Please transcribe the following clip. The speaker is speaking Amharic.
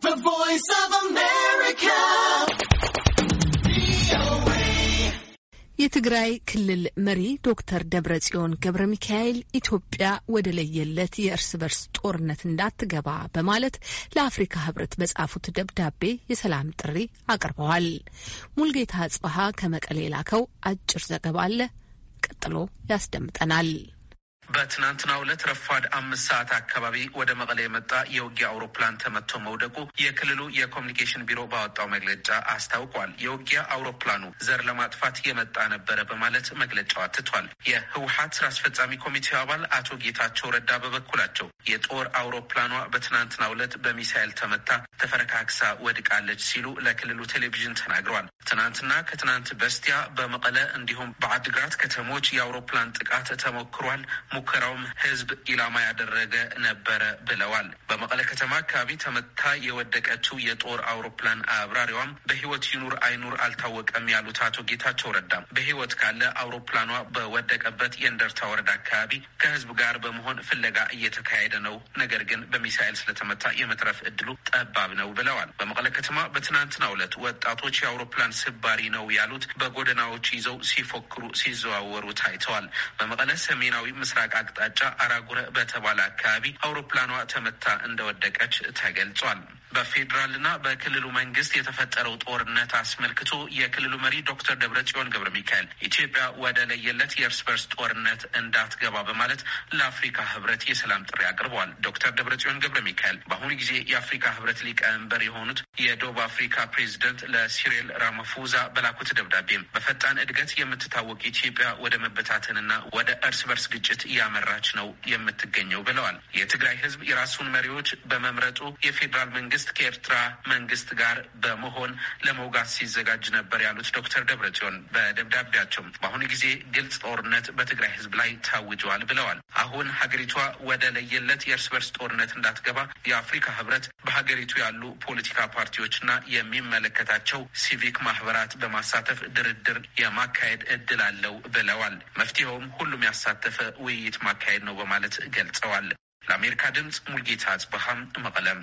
The Voice of America. የትግራይ ክልል መሪ ዶክተር ደብረ ጽዮን ገብረ ሚካኤል ኢትዮጵያ ወደ ለየለት የእርስ በርስ ጦርነት እንዳትገባ በማለት ለአፍሪካ ሕብረት በጻፉት ደብዳቤ የሰላም ጥሪ አቅርበዋል። ሙልጌታ ጽበሀ ከመቀሌ ላከው አጭር ዘገባ አለ። ቀጥሎ ያስደምጠናል። በትናንትናው ዕለት ረፋድ አምስት ሰዓት አካባቢ ወደ መቀለ የመጣ የውጊያ አውሮፕላን ተመቶ መውደቁ የክልሉ የኮሚኒኬሽን ቢሮ ባወጣው መግለጫ አስታውቋል። የውጊያ አውሮፕላኑ ዘር ለማጥፋት የመጣ ነበረ በማለት መግለጫው አትቷል። የህወሀት ስራ አስፈጻሚ ኮሚቴው አባል አቶ ጌታቸው ረዳ በበኩላቸው የጦር አውሮፕላኗ በትናንትናው ዕለት በሚሳኤል ተመታ ተፈረካክሳ ወድቃለች ሲሉ ለክልሉ ቴሌቪዥን ተናግረዋል። ትናንትና ከትናንት በስቲያ በመቀለ እንዲሁም በአድግራት ከተሞች የአውሮፕላን ጥቃት ተሞክሯል። ሙከራውም ህዝብ ኢላማ ያደረገ ነበረ ብለዋል። በመቀለ ከተማ አካባቢ ተመታ የወደቀችው የጦር አውሮፕላን አብራሪዋም በህይወት ይኑር አይኑር አልታወቀም ያሉት አቶ ጌታቸው ረዳ በህይወት ካለ አውሮፕላኗ በወደቀበት የእንደርታ ወረዳ አካባቢ ከህዝብ ጋር በመሆን ፍለጋ እየተካሄደ ነው፣ ነገር ግን በሚሳኤል ስለተመታ የመትረፍ እድሉ ጠባብ ነው ብለዋል። በመቀለ ከተማ በትናንትና ዕለት ወጣቶች የአውሮፕላን ስባሪ ነው ያሉት በጎደናዎች ይዘው ሲፎክሩ ሲዘዋወሩ ታይተዋል። በመቀለ ሰሜናዊ ምስራቅ ምስራቅ አቅጣጫ አራጉረ በተባለ አካባቢ አውሮፕላኗ ተመታ እንደወደቀች ተገልጿል። በፌዴራልና በክልሉ መንግስት የተፈጠረው ጦርነት አስመልክቶ የክልሉ መሪ ዶክተር ደብረጽዮን ገብረ ሚካኤል ኢትዮጵያ ወደ ለየለት የእርስ በርስ ጦርነት እንዳትገባ በማለት ለአፍሪካ ህብረት የሰላም ጥሪ አቅርበዋል። ዶክተር ደብረጽዮን ገብረ ሚካኤል በአሁኑ ጊዜ የአፍሪካ ህብረት ሊቀመንበር የሆኑት የደቡብ አፍሪካ ፕሬዚደንት ለሲሪል ራማፎዛ በላኩት ደብዳቤም በፈጣን እድገት የምትታወቅ ኢትዮጵያ ወደ መበታተንና ወደ እርስ በርስ ግጭት እያመራች ነው የምትገኘው ብለዋል። የትግራይ ህዝብ የራሱን መሪዎች በመምረጡ የፌዴራል መንግስት ከኤርትራ መንግስት ጋር በመሆን ለመውጋት ሲዘጋጅ ነበር ያሉት ዶክተር ደብረጽዮን በደብዳቤያቸው በአሁኑ ጊዜ ግልጽ ጦርነት በትግራይ ህዝብ ላይ ታውጀዋል ብለዋል። አሁን ሀገሪቷ ወደ ለየለት የእርስ በርስ ጦርነት እንዳትገባ የአፍሪካ ህብረት በሀገሪቱ ያሉ ፖለቲካ ፓርቲዎችና የሚመለከታቸው ሲቪክ ማህበራት በማሳተፍ ድርድር የማካሄድ እድል አለው ብለዋል። መፍትሄውም ሁሉም ያሳተፈ ውይይት ውይይት ማካሄድ ነው በማለት ገልጸዋል። ለአሜሪካ ድምፅ ሙልጌታ አጽብሃም መቀለም